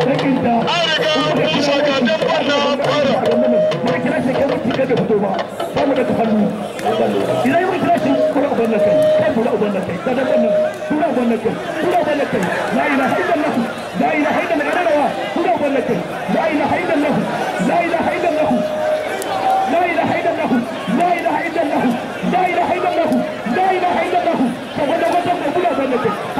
idan mun kira shi kura uban kai kai kura uban kai da da wannan kura uban kai kura uban kai la ilaha illallah la ilaha illallah da dawa kura uban kai la ilaha illallah la ilaha illallah la ilaha illallah la ilaha illallah la ilaha illallah la ilaha illallah ka wanda wanda kura uban kai